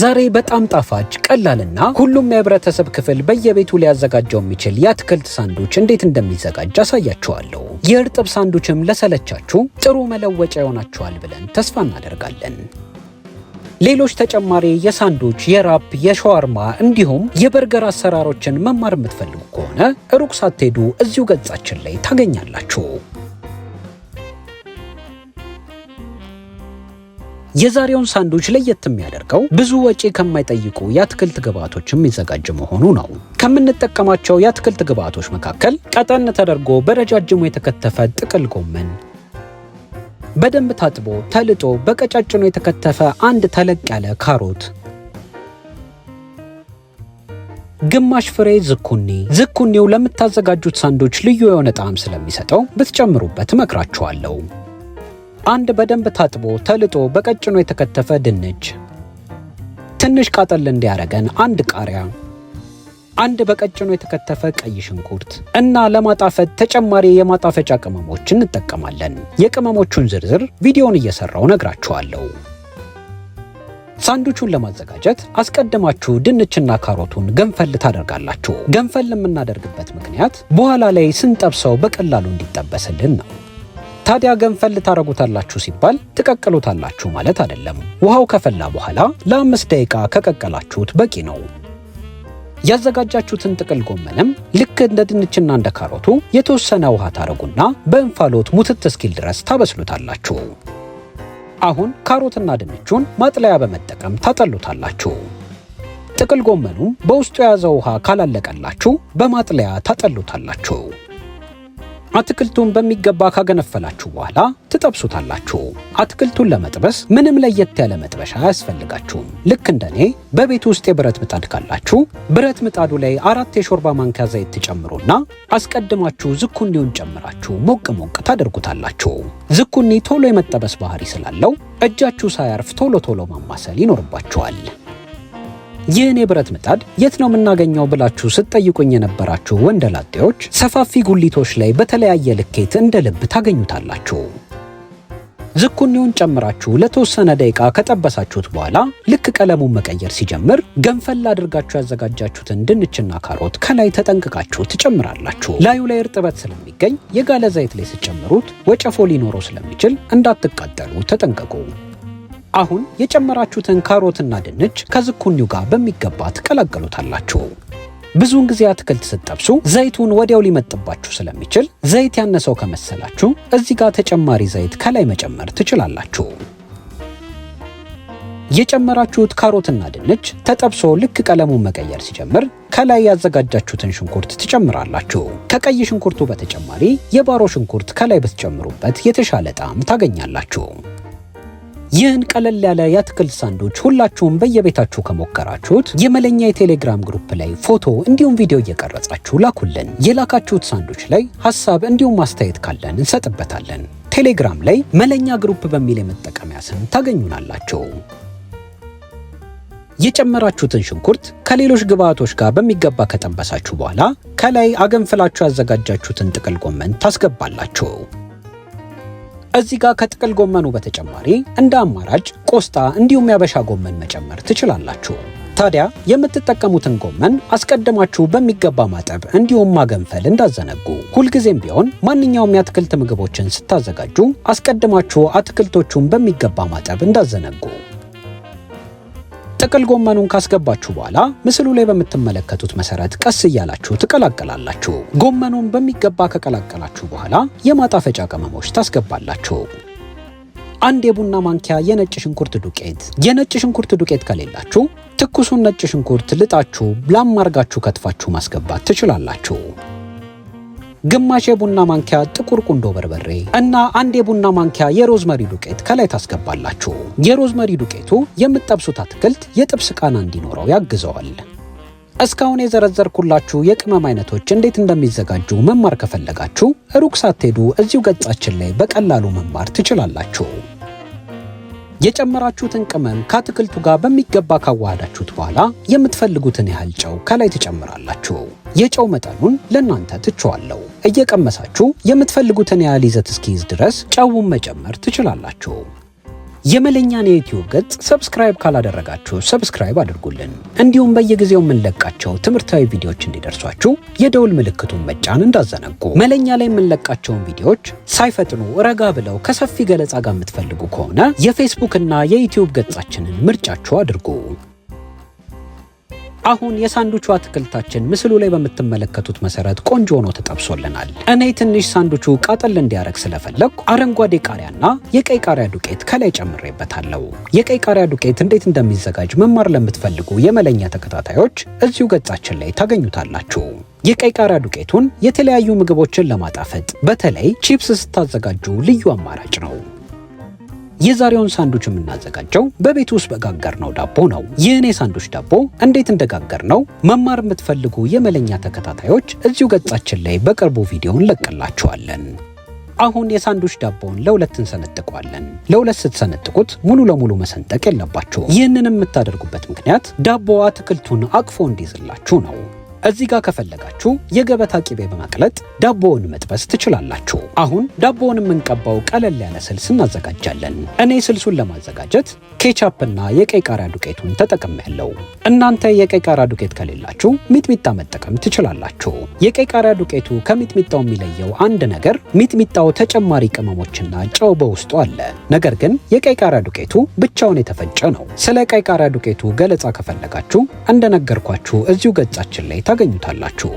ዛሬ በጣም ጣፋጭ ቀላልና ሁሉም የህብረተሰብ ክፍል በየቤቱ ሊያዘጋጀው የሚችል የአትክልት ሳንዱች እንዴት እንደሚዘጋጅ አሳያችኋለሁ። የእርጥብ ሳንዱችም ለሰለቻችሁ ጥሩ መለወጫ ይሆናችኋል ብለን ተስፋ እናደርጋለን። ሌሎች ተጨማሪ የሳንዱች፣ የራፕ፣ የሸዋርማ እንዲሁም የበርገር አሰራሮችን መማር የምትፈልጉ ከሆነ ሩቅ ሳትሄዱ እዚሁ ገጻችን ላይ ታገኛላችሁ። የዛሬውን ሳንዱች ለየት የሚያደርገው ብዙ ወጪ ከማይጠይቁ የአትክልት ግብዓቶች የሚዘጋጅ መሆኑ ነው። ከምንጠቀማቸው የአትክልት ግብዓቶች መካከል ቀጠን ተደርጎ በረጃጅሙ የተከተፈ ጥቅል ጎመን፣ በደንብ ታጥቦ ተልጦ በቀጫጭኑ የተከተፈ አንድ ተለቅ ያለ ካሮት፣ ግማሽ ፍሬ ዝኩኒ። ዝኩኒው ለምታዘጋጁት ሳንዶች ልዩ የሆነ ጣዕም ስለሚሰጠው ብትጨምሩበት እመክራችኋለሁ። አንድ በደንብ ታጥቦ ተልጦ በቀጭኑ የተከተፈ ድንች፣ ትንሽ ቃጠል እንዲያረገን አንድ ቃሪያ፣ አንድ በቀጭኑ የተከተፈ ቀይ ሽንኩርት እና ለማጣፈጥ ተጨማሪ የማጣፈጫ ቅመሞች እንጠቀማለን። የቅመሞቹን ዝርዝር ቪዲዮን እየሰራው ነግራችኋለሁ። ሳንዱቹን ለማዘጋጀት አስቀድማችሁ ድንችና ካሮቱን ገንፈል ታደርጋላችሁ። ገንፈል የምናደርግበት ምክንያት በኋላ ላይ ስንጠብሰው በቀላሉ እንዲጠበስልን ነው። ታዲያ ገንፈል ታረጉታላችሁ ሲባል ትቀቅሉታላችሁ ማለት አይደለም። ውሃው ከፈላ በኋላ ለአምስት ደቂቃ ከቀቀላችሁት በቂ ነው። ያዘጋጃችሁትን ጥቅል ጎመንም ልክ እንደ ድንችና እንደ ካሮቱ የተወሰነ ውሃ ታረጉና በእንፋሎት ሙትት እስኪል ድረስ ታበስሉታላችሁ። አሁን ካሮትና ድንቹን ማጥለያ በመጠቀም ታጠሉታላችሁ። ጥቅል ጎመኑ በውስጡ የያዘው ውሃ ካላለቀላችሁ በማጥለያ ታጠሉታላችሁ። አትክልቱን በሚገባ ካገነፈላችሁ በኋላ ትጠብሱታላችሁ። አትክልቱን ለመጥበስ ምንም ለየት ያለ መጥበሻ አያስፈልጋችሁም። ልክ እንደኔ በቤት ውስጥ የብረት ምጣድ ካላችሁ ብረት ምጣዱ ላይ አራት የሾርባ ማንኪያ ዘይት ትጨምሩና አስቀድማችሁ ዝኩኒውን ጨምራችሁ ሞቅ ሞቅ ታደርጉታላችሁ። ዝኩኒ ቶሎ የመጠበስ ባህሪ ስላለው እጃችሁ ሳያርፍ ቶሎ ቶሎ ማማሰል ይኖርባችኋል። ይህን የብረት ምጣድ የት ነው የምናገኘው ብላችሁ ስትጠይቁኝ የነበራችሁ ወንደላጤዎች ሰፋፊ ጉሊቶች ላይ በተለያየ ልኬት እንደ ልብ ታገኙታላችሁ። ዝኩኒውን ጨምራችሁ ለተወሰነ ደቂቃ ከጠበሳችሁት በኋላ ልክ ቀለሙን መቀየር ሲጀምር ገንፈል አድርጋችሁ ያዘጋጃችሁትን ድንችና ካሮት ከላይ ተጠንቅቃችሁ ትጨምራላችሁ። ላዩ ላይ እርጥበት ስለሚገኝ የጋለ ዘይት ላይ ስትጨምሩት ወጨፎ ሊኖረው ስለሚችል እንዳትቃጠሉ ተጠንቀቁ። አሁን የጨመራችሁትን ካሮትና ድንች ከዝኩኒው ጋር በሚገባ ትቀላቀሉታላችሁ። ብዙውን ጊዜ አትክልት ስትጠብሱ ዘይቱን ወዲያው ሊመጥባችሁ ስለሚችል ዘይት ያነሰው ከመሰላችሁ እዚህ ጋር ተጨማሪ ዘይት ከላይ መጨመር ትችላላችሁ። የጨመራችሁት ካሮትና ድንች ተጠብሶ ልክ ቀለሙን መቀየር ሲጀምር ከላይ ያዘጋጃችሁትን ሽንኩርት ትጨምራላችሁ። ከቀይ ሽንኩርቱ በተጨማሪ የባሮ ሽንኩርት ከላይ ብትጨምሩበት የተሻለ ጣዕም ታገኛላችሁ። ይህን ቀለል ያለ የአትክልት ሳንዶች ሁላችሁም በየቤታችሁ ከሞከራችሁት የመለኛ የቴሌግራም ግሩፕ ላይ ፎቶ እንዲሁም ቪዲዮ እየቀረጻችሁ ላኩልን። የላካችሁት ሳንዶች ላይ ሀሳብ እንዲሁም አስተያየት ካለን እንሰጥበታለን። ቴሌግራም ላይ መለኛ ግሩፕ በሚል የመጠቀሚያ ስም ታገኙናላችሁ። የጨመራችሁትን ሽንኩርት ከሌሎች ግብአቶች ጋር በሚገባ ከጠበሳችሁ በኋላ ከላይ አገንፍላችሁ ያዘጋጃችሁትን ጥቅል ጎመን ታስገባላችሁ። እዚህ ጋር ከጥቅል ጎመኑ በተጨማሪ እንደ አማራጭ ቆስጣ እንዲሁም ያበሻ ጎመን መጨመር ትችላላችሁ። ታዲያ የምትጠቀሙትን ጎመን አስቀድማችሁ በሚገባ ማጠብ እንዲሁም ማገንፈል እንዳዘነጉ። ሁልጊዜም ቢሆን ማንኛውም የአትክልት ምግቦችን ስታዘጋጁ አስቀድማችሁ አትክልቶቹን በሚገባ ማጠብ እንዳዘነጉ። ጥቅል ጎመኑን ካስገባችሁ በኋላ ምስሉ ላይ በምትመለከቱት መሰረት ቀስ እያላችሁ ትቀላቀላላችሁ። ጎመኑን በሚገባ ከቀላቀላችሁ በኋላ የማጣፈጫ ቅመሞች ታስገባላችሁ። አንድ የቡና ማንኪያ የነጭ ሽንኩርት ዱቄት። የነጭ ሽንኩርት ዱቄት ከሌላችሁ ትኩሱን ነጭ ሽንኩርት ልጣችሁ ላም አርጋችሁ ከትፋችሁ ማስገባት ትችላላችሁ። ግማሽ የቡና ማንኪያ ጥቁር ቁንዶ በርበሬ እና አንድ የቡና ማንኪያ የሮዝመሪ ዱቄት ከላይ ታስገባላችሁ። የሮዝመሪ ዱቄቱ የምጠብሱት አትክልት የጥብስ ቃና እንዲኖረው ያግዘዋል። እስካሁን የዘረዘርኩላችሁ የቅመም አይነቶች እንዴት እንደሚዘጋጁ መማር ከፈለጋችሁ ሩቅ ሳትሄዱ እዚሁ ገጻችን ላይ በቀላሉ መማር ትችላላችሁ። የጨመራችሁትን ቅመም ከአትክልቱ ጋር በሚገባ ካዋሃዳችሁት በኋላ የምትፈልጉትን ያህል ጨው ከላይ ትጨምራላችሁ። የጨው መጠኑን ለእናንተ ትችዋለሁ። እየቀመሳችሁ የምትፈልጉትን ያህል ይዘት እስኪይዝ ድረስ ጨውን መጨመር ትችላላችሁ። የመለኛን የዩትዩብ ገጽ ሰብስክራይብ ካላደረጋችሁ ሰብስክራይብ አድርጉልን። እንዲሁም በየጊዜው የምንለቃቸው ትምህርታዊ ቪዲዮዎች እንዲደርሷችሁ የደውል ምልክቱን መጫን እንዳዘነጉ። መለኛ ላይ የምንለቃቸውን ቪዲዮዎች ሳይፈጥኑ ረጋ ብለው ከሰፊ ገለጻ ጋር የምትፈልጉ ከሆነ የፌስቡክ እና የዩቲዩብ ገጻችንን ምርጫችሁ አድርጉ። አሁን የሳንዱቹ አትክልታችን ምስሉ ላይ በምትመለከቱት መሰረት ቆንጆ ሆኖ ተጠብሶልናል። እኔ ትንሽ ሳንዱቹ ቃጠል እንዲያረግ ስለፈለግኩ አረንጓዴ ቃሪያና የቀይ ቃሪያ ዱቄት ከላይ ጨምሬበታለሁ። የቀይ ቃሪያ ዱቄት እንዴት እንደሚዘጋጅ መማር ለምትፈልጉ የመለኛ ተከታታዮች እዚሁ ገጻችን ላይ ታገኙታላችሁ። የቀይ ቃሪያ ዱቄቱን የተለያዩ ምግቦችን ለማጣፈጥ በተለይ ቺፕስ ስታዘጋጁ ልዩ አማራጭ ነው። የዛሬውን ሳንዱች የምናዘጋጀው በቤት ውስጥ በጋገርነው ዳቦ ነው። ይህን ሳንዱች ዳቦ እንዴት እንደጋገር ነው መማር የምትፈልጉ የመለኛ ተከታታዮች እዚሁ ገጻችን ላይ በቅርቡ ቪዲዮ እንለቅላችኋለን። አሁን የሳንዱች ዳቦውን ለሁለት እንሰነጥቀዋለን። ለሁለት ስትሰነጥቁት ሙሉ ለሙሉ መሰንጠቅ የለባችሁ። ይህንን የምታደርጉበት ምክንያት ዳቦዋ አትክልቱን አቅፎ እንዲይዝላችሁ ነው። እዚህ ጋር ከፈለጋችሁ የገበታ ቂቤ በማቅለጥ ዳቦውን መጥበስ ትችላላችሁ። አሁን ዳቦውን የምንቀባው ቀለል ያለ ስልስ እናዘጋጃለን። እኔ ስልሱን ለማዘጋጀት ኬቻፕና የቀይ ቃሪያ ዱቄቱን ተጠቅሜያለሁ። እናንተ የቀይ ቃሪያ ዱቄት ከሌላችሁ ሚጥሚጣ መጠቀም ትችላላችሁ። የቀይ ቃሪያ ዱቄቱ ከሚጥሚጣው የሚለየው አንድ ነገር ሚጥሚጣው ተጨማሪ ቅመሞችና ጨው በውስጡ አለ። ነገር ግን የቀይ ቃሪያ ዱቄቱ ብቻውን የተፈጨ ነው። ስለ ቀይ ቃሪያ ዱቄቱ ገለጻ ከፈለጋችሁ እንደነገርኳችሁ እዚሁ ገጻችን ላይ ታገኙታላችሁ።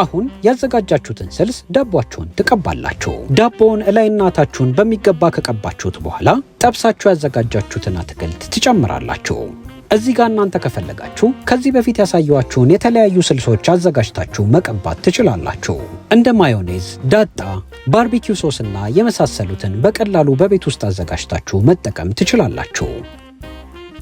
አሁን ያዘጋጃችሁትን ስልስ ዳቧችሁን ትቀባላችሁ። ዳቦውን እላይና ታችሁን በሚገባ ከቀባችሁት በኋላ ጠብሳችሁ ያዘጋጃችሁትን አትክልት ትጨምራላችሁ። እዚህ ጋር እናንተ ከፈለጋችሁ ከዚህ በፊት ያሳየኋችሁን የተለያዩ ስልሶች አዘጋጅታችሁ መቀባት ትችላላችሁ። እንደ ማዮኔዝ፣ ዳጣ፣ ባርቢኪው ሶስና የመሳሰሉትን በቀላሉ በቤት ውስጥ አዘጋጅታችሁ መጠቀም ትችላላችሁ።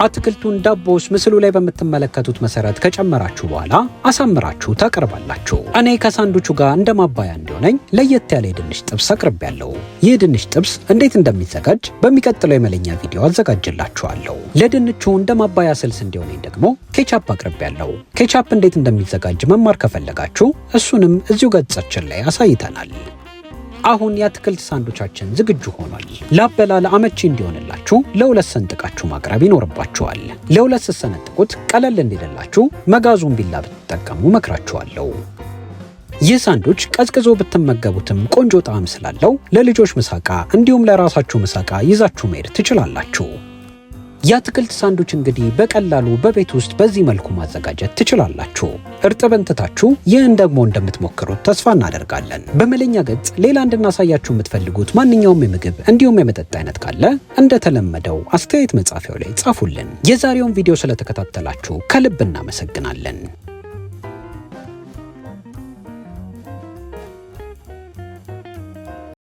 አትክልቱን ዳቦ ውስጥ ምስሉ ላይ በምትመለከቱት መሰረት ከጨመራችሁ በኋላ አሳምራችሁ ታቀርባላችሁ። እኔ ከሳንዱቹ ጋር እንደ ማባያ እንዲሆነኝ ለየት ያለ የድንች ጥብስ አቅርብ ያለው ይህ ድንች ጥብስ እንዴት እንደሚዘጋጅ በሚቀጥለው የመለኛ ቪዲዮ አዘጋጅላችኋለሁ። ለድንቹ እንደ ማባያ ስልስ እንዲሆነኝ ደግሞ ኬቻፕ ያለው። ኬቻፕ እንዴት እንደሚዘጋጅ መማር ከፈለጋችሁ እሱንም እዚሁ ገጻችን ላይ አሳይተናል። አሁን የአትክልት ሳንዶቻችን ዝግጁ ሆኗል። ላበላ አመቺ እንዲሆንላችሁ ለሁለት ሰንጥቃችሁ ማቅረብ ይኖርባችኋል። ለሁለት ስትሰነጥቁት ቀለል እንዲደላችሁ መጋዙን ቢላ ብትጠቀሙ መክራችኋለሁ። ይህ ሳንዶች ቀዝቅዞ ብትመገቡትም ቆንጆ ጣዕም ስላለው ለልጆች ምሳቃ እንዲሁም ለራሳችሁ ምሳቃ ይዛችሁ መሄድ ትችላላችሁ። የአትክልት ሳንዱች እንግዲህ በቀላሉ በቤት ውስጥ በዚህ መልኩ ማዘጋጀት ትችላላችሁ። እርጥብን ትታችሁ ይህን ደግሞ እንደምትሞክሩት ተስፋ እናደርጋለን። በመለኛ ገጽ ሌላ እንድናሳያችሁ የምትፈልጉት ማንኛውም የምግብ እንዲሁም የመጠጥ አይነት ካለ እንደተለመደው አስተያየት መጻፊያው ላይ ጻፉልን። የዛሬውን ቪዲዮ ስለተከታተላችሁ ከልብ እናመሰግናለን።